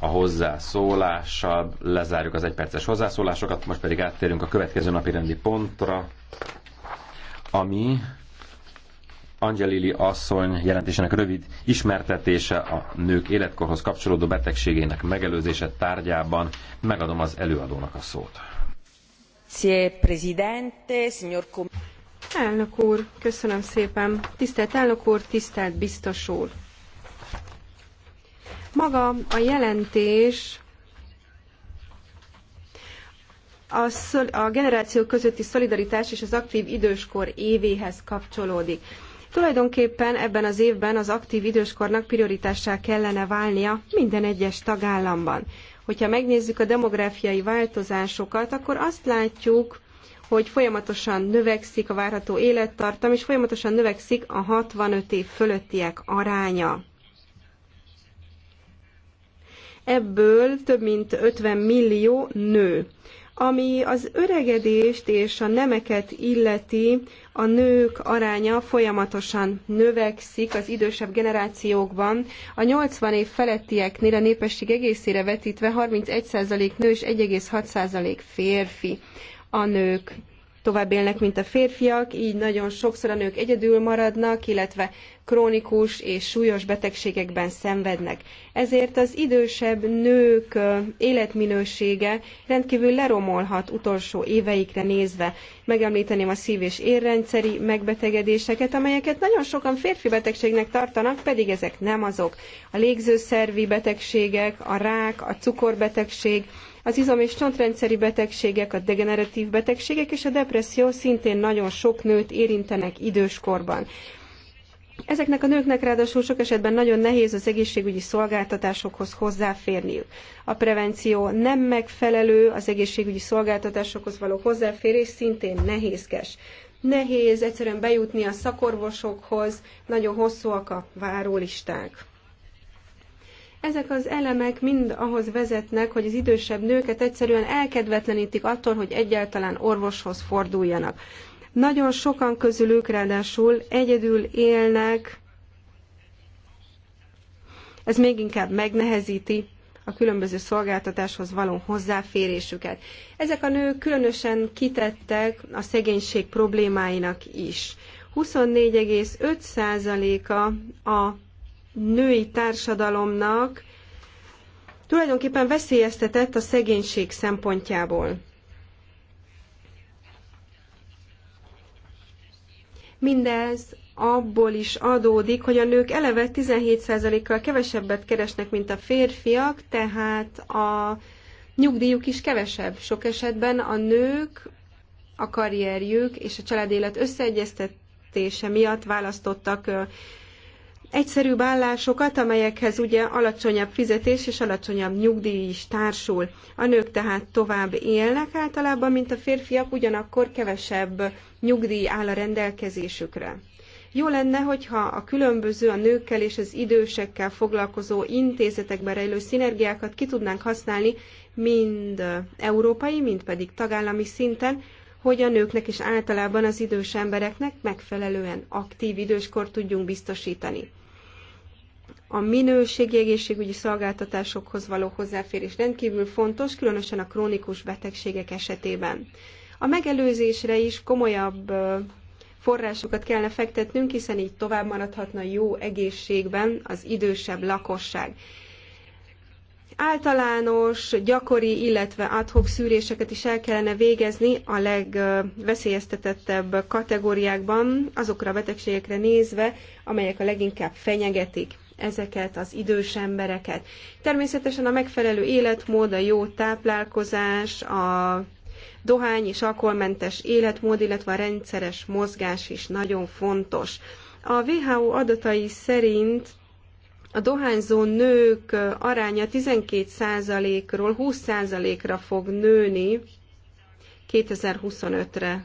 a hozzászólással lezárjuk az egyperces hozzászólásokat, most pedig áttérünk a következő napi rendi pontra, ami Angelili asszony jelentésének rövid ismertetése a nők életkorhoz kapcsolódó betegségének megelőzése tárgyában. Megadom az előadónak a szót. Elnök úr, köszönöm szépen. Tisztelt elnök úr, tisztelt biztos úr. Maga a jelentés a, szol, a generációk közötti szolidaritás és az aktív időskor évéhez kapcsolódik. Tulajdonképpen ebben az évben az aktív időskornak prioritássá kellene válnia minden egyes tagállamban. Hogyha megnézzük a demográfiai változásokat, akkor azt látjuk, hogy folyamatosan növekszik a várható élettartam, és folyamatosan növekszik a 65 év fölöttiek aránya ebből több mint 50 millió nő. Ami az öregedést és a nemeket illeti, a nők aránya folyamatosan növekszik az idősebb generációkban. A 80 év felettieknél a népesség egészére vetítve 31% nő és 1,6% férfi. A nők tovább élnek, mint a férfiak, így nagyon sokszor a nők egyedül maradnak, illetve krónikus és súlyos betegségekben szenvednek. Ezért az idősebb nők életminősége rendkívül leromolhat utolsó éveikre nézve. Megemlíteném a szív- és érrendszeri megbetegedéseket, amelyeket nagyon sokan férfi betegségnek tartanak, pedig ezek nem azok. A légzőszervi betegségek, a rák, a cukorbetegség, az izom- és csontrendszeri betegségek, a degeneratív betegségek és a depresszió szintén nagyon sok nőt érintenek időskorban. Ezeknek a nőknek ráadásul sok esetben nagyon nehéz az egészségügyi szolgáltatásokhoz hozzáférniük. A prevenció nem megfelelő, az egészségügyi szolgáltatásokhoz való hozzáférés szintén nehézkes. Nehéz egyszerűen bejutni a szakorvosokhoz, nagyon hosszúak a várólisták. Ezek az elemek mind ahhoz vezetnek, hogy az idősebb nőket egyszerűen elkedvetlenítik attól, hogy egyáltalán orvoshoz forduljanak. Nagyon sokan közülük ráadásul egyedül élnek, ez még inkább megnehezíti a különböző szolgáltatáshoz való hozzáférésüket. Ezek a nők különösen kitettek a szegénység problémáinak is. 24,5%-a a női társadalomnak tulajdonképpen veszélyeztetett a szegénység szempontjából. Mindez abból is adódik, hogy a nők eleve 17%-kal kevesebbet keresnek, mint a férfiak, tehát a nyugdíjuk is kevesebb. Sok esetben a nők a karrierjük és a családélet összeegyeztetése miatt választottak egyszerűbb állásokat, amelyekhez ugye alacsonyabb fizetés és alacsonyabb nyugdíj is társul. A nők tehát tovább élnek általában, mint a férfiak, ugyanakkor kevesebb nyugdíj áll a rendelkezésükre. Jó lenne, hogyha a különböző a nőkkel és az idősekkel foglalkozó intézetekben rejlő szinergiákat ki tudnánk használni, mind európai, mind pedig tagállami szinten, hogy a nőknek és általában az idős embereknek megfelelően aktív időskort tudjunk biztosítani. A minőségi egészségügyi szolgáltatásokhoz való hozzáférés rendkívül fontos, különösen a krónikus betegségek esetében. A megelőzésre is komolyabb forrásokat kellene fektetnünk, hiszen így tovább maradhatna jó egészségben az idősebb lakosság. Általános, gyakori, illetve adhok szűréseket is el kellene végezni a legveszélyeztetettebb kategóriákban, azokra a betegségekre nézve, amelyek a leginkább fenyegetik ezeket az idős embereket. Természetesen a megfelelő életmód, a jó táplálkozás, a dohány és alkoholmentes életmód, illetve a rendszeres mozgás is nagyon fontos. A WHO adatai szerint a dohányzó nők aránya 12%-ról 20%-ra fog nőni 2025-re.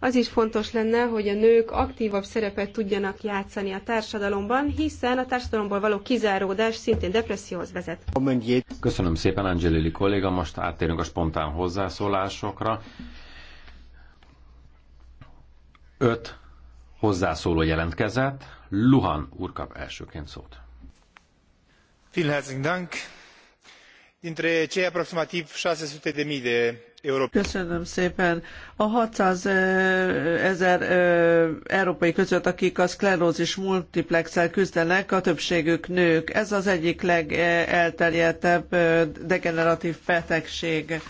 Az is fontos lenne, hogy a nők aktívabb szerepet tudjanak játszani a társadalomban, hiszen a társadalomból való kizáródás szintén depresszióhoz vezet. Köszönöm szépen, Angelili kolléga. Most áttérünk a spontán hozzászólásokra. Öt hozzászóló jelentkezett. Luhan úr kap elsőként szót. Vielen herzlichen Dank. Dintre cei aproximativ 600.000 de Köszönöm szépen. A 600 ezer európai között, akik a szklerózis multiplexel küzdenek, a többségük nők. Ez az egyik legelterjedtebb degeneratív betegség.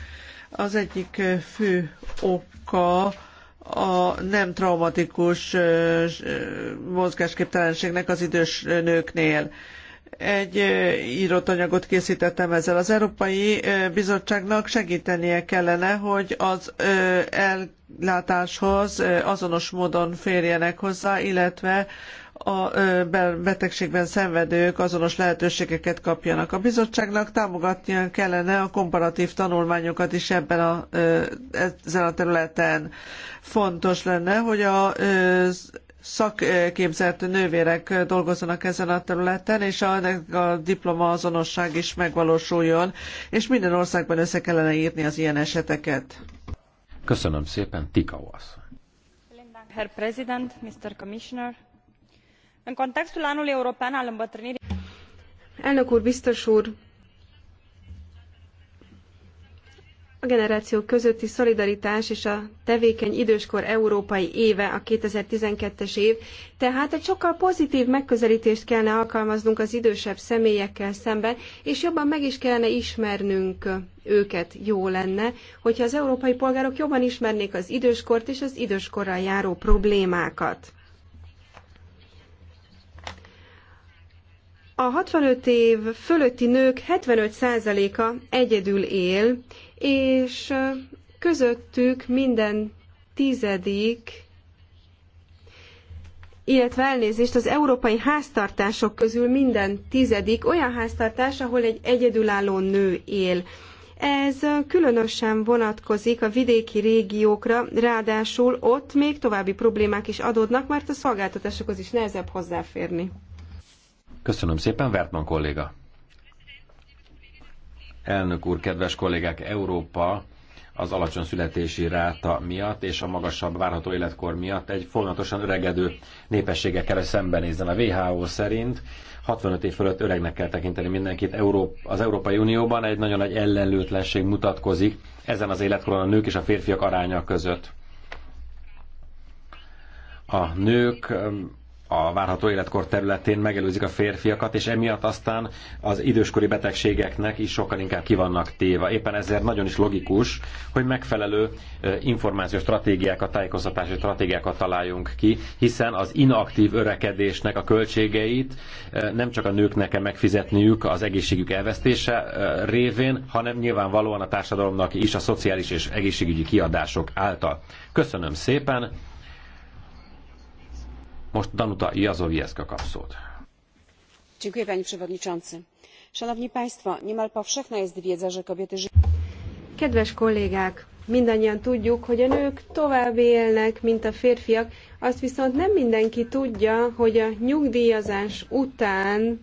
Az egyik fő oka a nem traumatikus mozgásképtelenségnek az idős nőknél egy írott anyagot készítettem ezzel. Az Európai Bizottságnak segítenie kellene, hogy az ellátáshoz azonos módon férjenek hozzá, illetve a betegségben szenvedők azonos lehetőségeket kapjanak. A bizottságnak támogatnia kellene a komparatív tanulmányokat is ebben a, ezen a területen. Fontos lenne, hogy az szakképzett nővérek dolgozzanak ezen a területen, és a, a diploma azonosság is megvalósuljon, és minden országban össze kellene írni az ilyen eseteket. Köszönöm szépen, Tika asszony. Herr President, Mr. Commissioner. În contextul anului european al îmbătrânirii... Elnök úr, biztos úr, A generációk közötti szolidaritás és a tevékeny időskor európai éve a 2012-es év, tehát egy sokkal pozitív megközelítést kellene alkalmaznunk az idősebb személyekkel szemben, és jobban meg is kellene ismernünk őket. Jó lenne, hogyha az európai polgárok jobban ismernék az időskort és az időskorral járó problémákat. A 65 év fölötti nők 75%-a egyedül él, és közöttük minden tizedik illetve elnézést az európai háztartások közül minden tizedik olyan háztartás, ahol egy egyedülálló nő él. Ez különösen vonatkozik a vidéki régiókra, ráadásul ott még további problémák is adódnak, mert a szolgáltatásokhoz is nehezebb hozzáférni. Köszönöm szépen, Vertman kolléga. Elnök úr, kedves kollégák, Európa az alacsony születési ráta miatt és a magasabb várható életkor miatt egy folyamatosan öregedő népességekkel szembenézzen. A WHO szerint 65 év fölött öregnek kell tekinteni mindenkit. Európa, az Európai Unióban egy nagyon nagy ellenlőtlenség mutatkozik ezen az életkoron a nők és a férfiak aránya között. A nők a várható életkor területén megelőzik a férfiakat, és emiatt aztán az időskori betegségeknek is sokkal inkább kivannak téva. Éppen ezért nagyon is logikus, hogy megfelelő információs stratégiákat, tájékoztatási stratégiákat találjunk ki, hiszen az inaktív örekedésnek a költségeit nem csak a nőknek kell megfizetniük az egészségük elvesztése révén, hanem nyilvánvalóan a társadalomnak is a szociális és egészségügyi kiadások által. Köszönöm szépen! Most Danuta Jazowiecka kap Dziękuję, panie przewodniczący. Szanowni państwo, niemal powszechna jest wiedza, że kobiety żyją... Kedves kollégák, mindannyian tudjuk, hogy a nők tovább élnek, mint a férfiak, azt viszont nem mindenki tudja, hogy a nyugdíjazás után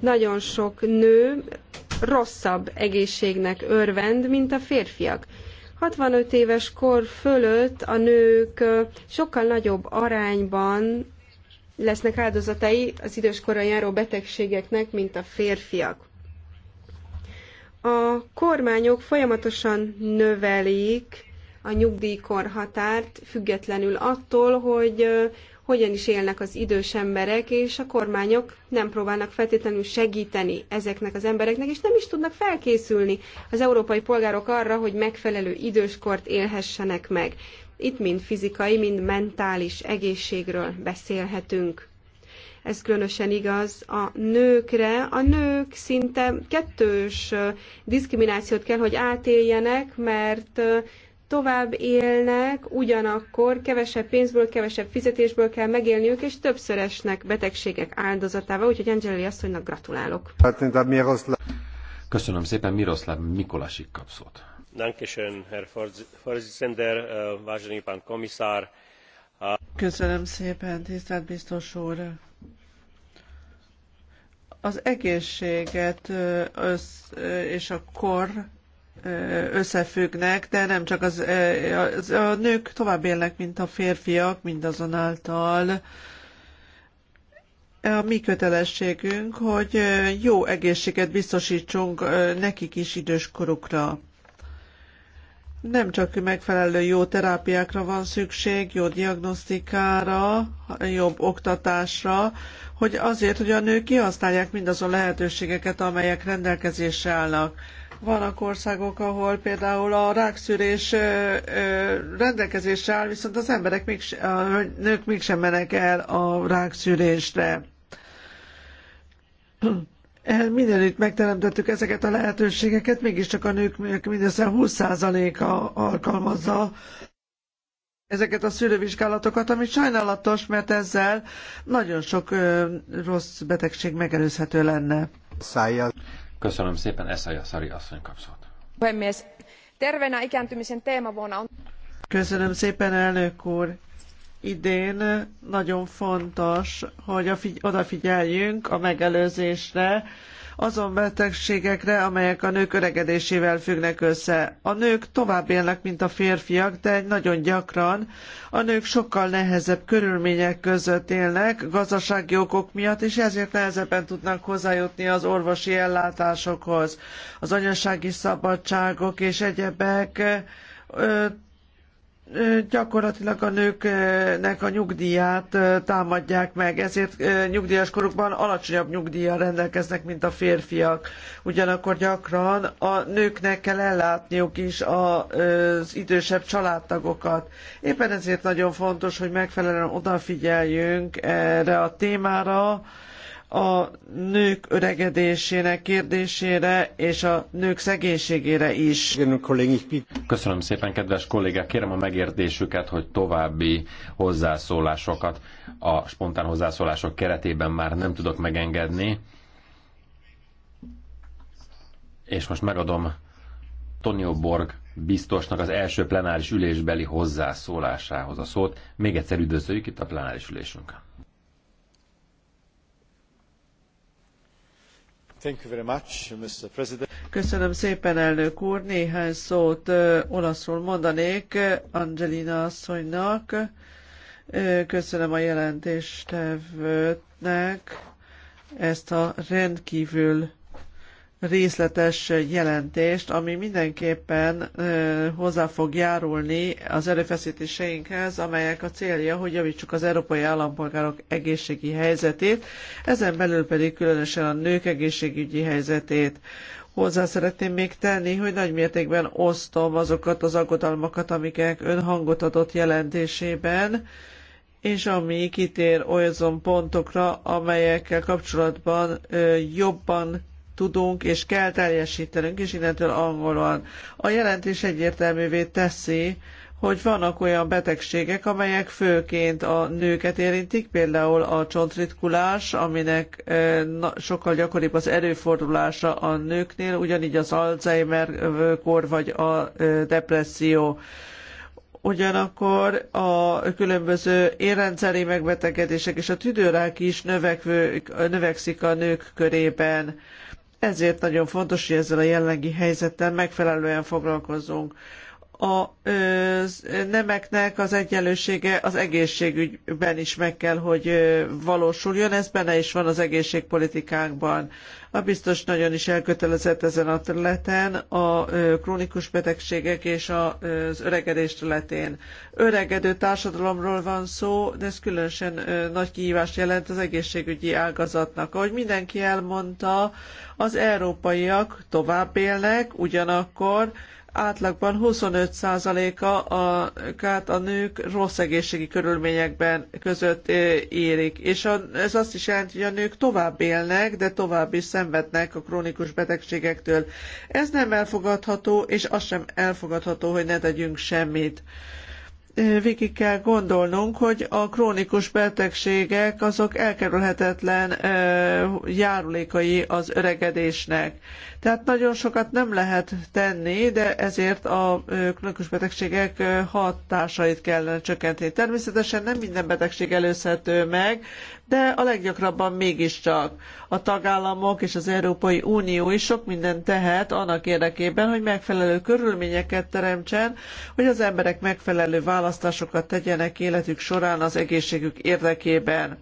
nagyon sok nő rosszabb egészségnek örvend, mint a férfiak. 65 éves kor fölött a nők sokkal nagyobb arányban lesznek áldozatai az időskorra járó betegségeknek, mint a férfiak. A kormányok folyamatosan növelik a nyugdíjkorhatárt, függetlenül attól, hogy hogyan is élnek az idős emberek, és a kormányok nem próbálnak feltétlenül segíteni ezeknek az embereknek, és nem is tudnak felkészülni az európai polgárok arra, hogy megfelelő időskort élhessenek meg. Itt mind fizikai, mind mentális egészségről beszélhetünk. Ez különösen igaz a nőkre. A nők szinte kettős diszkriminációt kell, hogy átéljenek, mert tovább élnek, ugyanakkor kevesebb pénzből, kevesebb fizetésből kell megélniük, és többször esnek betegségek áldozatává, úgyhogy Angeli asszonynak gratulálok. Köszönöm szépen, Miroslav Mikolasik kapszót. Eh, Köszönöm szépen, tisztelt biztos úr az egészséget eh, össz, eh, és a kor összefüggnek, de nem csak az, az a nők tovább élnek, mint a férfiak, mindazonáltal a mi kötelességünk, hogy jó egészséget biztosítsunk nekik is időskorukra. Nem csak megfelelő jó terápiákra van szükség, jó diagnosztikára, jobb oktatásra, hogy azért, hogy a nők kihasználják mindazon lehetőségeket, amelyek rendelkezésre állnak. Vannak országok, ahol például a rákszűrés rendelkezésre áll, viszont az emberek, még, a nők mégsem mennek el a rákszűrésre. Mindenütt megteremtettük ezeket a lehetőségeket, mégiscsak a nők mindössze 20%-a alkalmazza ezeket a szűrővizsgálatokat, ami sajnálatos, mert ezzel nagyon sok rossz betegség megelőzhető lenne. Szájjal. Köszönöm szépen, Eszaja Szari asszony kapszott. Puhemies, terveenä ikääntymisen teemavuonna on... Köszönöm szépen, elnök úr! Idén nagyon fontos, hogy a odafigyeljünk a megelőzésre, azon betegségekre, amelyek a nők öregedésével függnek össze. A nők tovább élnek, mint a férfiak, de nagyon gyakran a nők sokkal nehezebb körülmények között élnek, gazdasági okok miatt, és ezért nehezebben tudnak hozzájutni az orvosi ellátásokhoz. Az anyasági szabadságok és egyebek gyakorlatilag a nőknek a nyugdíját támadják meg, ezért nyugdíjas korukban alacsonyabb nyugdíjjal rendelkeznek, mint a férfiak. Ugyanakkor gyakran a nőknek kell ellátniuk is az idősebb családtagokat. Éppen ezért nagyon fontos, hogy megfelelően odafigyeljünk erre a témára, a nők öregedésének kérdésére és a nők szegénységére is. Köszönöm szépen, kedves kollégák! Kérem a megértésüket, hogy további hozzászólásokat a spontán hozzászólások keretében már nem tudok megengedni. És most megadom Tonio Borg biztosnak az első plenáris ülésbeli hozzászólásához a szót. Még egyszer üdvözöljük itt a plenáris ülésünkön. Köszönöm szépen, elnök úr. Néhány szót olaszul mondanék Angelina asszonynak. köszönöm a jelentéstevőtnek ezt a rendkívül részletes jelentést, ami mindenképpen hozzá fog járulni az erőfeszítéseinkhez, amelyek a célja, hogy javítsuk az európai állampolgárok egészségi helyzetét, ezen belül pedig különösen a nők egészségügyi helyzetét. Hozzá szeretném még tenni, hogy nagy mértékben osztom azokat az aggodalmakat, amiket ön hangot adott jelentésében, és ami kitér olyan pontokra, amelyekkel kapcsolatban jobban tudunk és kell teljesítenünk, és innentől angolon. A jelentés egyértelművé teszi, hogy vannak olyan betegségek, amelyek főként a nőket érintik, például a csontritkulás, aminek sokkal gyakoribb az előfordulása a nőknél, ugyanígy az Alzheimer kor vagy a depresszió. Ugyanakkor a különböző érrendszeri megbetegedések és a tüdőrák is növekvő, növekszik a nők körében. Ezért nagyon fontos, hogy ezzel a jelenlegi helyzettel megfelelően foglalkozunk a nemeknek az egyenlősége az egészségügyben is meg kell, hogy valósuljon. Ez benne is van az egészségpolitikánkban. A biztos nagyon is elkötelezett ezen a területen, a krónikus betegségek és az öregedés területén. Öregedő társadalomról van szó, de ez különösen nagy kihívást jelent az egészségügyi ágazatnak. Ahogy mindenki elmondta, az európaiak tovább élnek, ugyanakkor átlagban 25%-a a, a, a nők rossz egészségi körülményekben között érik. És a, ez azt is jelenti, hogy a nők tovább élnek, de tovább is szenvednek a krónikus betegségektől. Ez nem elfogadható, és az sem elfogadható, hogy ne tegyünk semmit végig kell gondolnunk, hogy a krónikus betegségek azok elkerülhetetlen járulékai az öregedésnek. Tehát nagyon sokat nem lehet tenni, de ezért a krónikus betegségek hatásait kellene csökkenteni. Természetesen nem minden betegség előzhető meg, de a leggyakrabban mégiscsak. A tagállamok és az Európai Unió is sok mindent tehet annak érdekében, hogy megfelelő körülményeket teremtsen, hogy az emberek megfelelő választásokat tegyenek életük során az egészségük érdekében.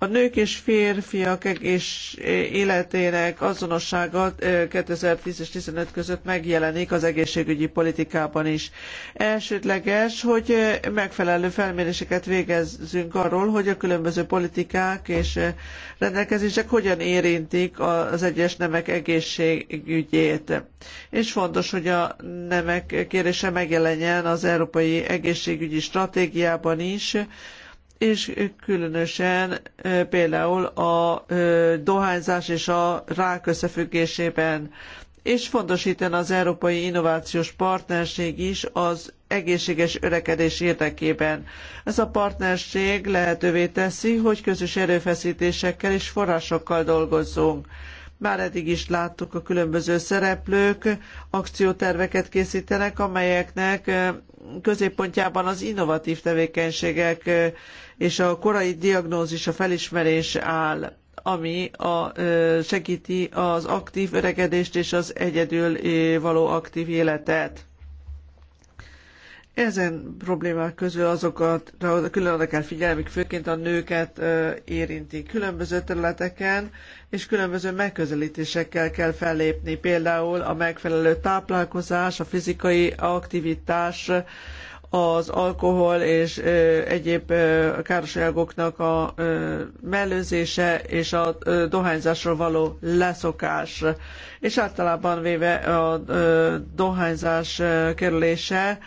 A nők és férfiak egész e, életének azonossága 2010 e, és 15 között megjelenik az egészségügyi politikában is. Elsődleges, hogy e, megfelelő felméréseket végezzünk arról, hogy a különböző politikák és rendelkezések hogyan érintik az egyes nemek egészségügyét. És fontos, hogy a nemek kérése megjelenjen az Európai Egészségügyi Stratégiában is, és különösen például a dohányzás és a rák összefüggésében. És fontos itten az Európai Innovációs Partnerség is az egészséges örekedés érdekében. Ez a partnerség lehetővé teszi, hogy közös erőfeszítésekkel és forrásokkal dolgozzunk. Már eddig is láttuk a különböző szereplők, akcióterveket készítenek, amelyeknek középpontjában az innovatív tevékenységek és a korai diagnózis, a felismerés áll ami a, segíti az aktív öregedést és az egyedül való aktív életet. Ezen problémák közül azokat külön oda kell figyelni, főként a nőket érinti különböző területeken, és különböző megközelítésekkel kell fellépni, például a megfelelő táplálkozás, a fizikai aktivitás, az alkohol és egyéb káros anyagoknak a mellőzése és a dohányzásról való leszokás. És általában véve a dohányzás kerülése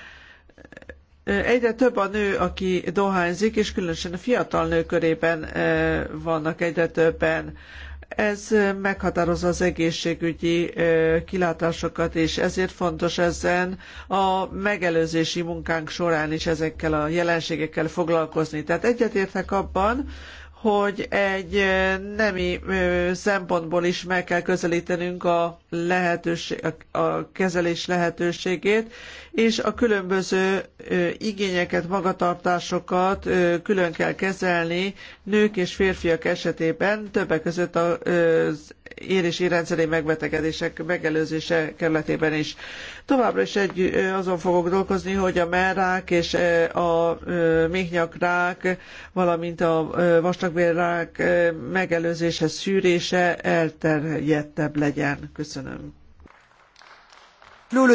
Egyre több a nő, aki dohányzik, és különösen a fiatal nők körében vannak egyre többen. Ez meghatározza az egészségügyi kilátásokat, és ezért fontos ezen a megelőzési munkánk során is ezekkel a jelenségekkel foglalkozni. Tehát egyetértek abban, hogy egy nemi szempontból is meg kell közelítenünk a, lehetőség, a kezelés lehetőségét, és a különböző igényeket, magatartásokat külön kell kezelni nők és férfiak esetében, többek között az érési rendszeri megbetegedések megelőzése kerületében is. Továbbra is egy, azon fogok dolgozni, hogy a merrák és a méhnyakrák, valamint a vastagbélrák megelőzése, szűrése elterjedtebb legyen. Köszönöm. Le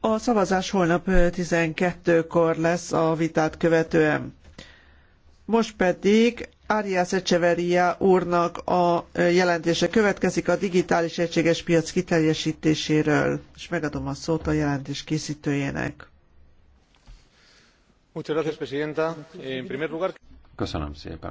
A szavazás holnap 12-kor lesz a vitát követően. Most pedig Arias Echeverria úrnak a jelentése következik a digitális egységes piac kiteljesítéséről, és megadom a szót a jelentés készítőjének. Köszönöm szépen.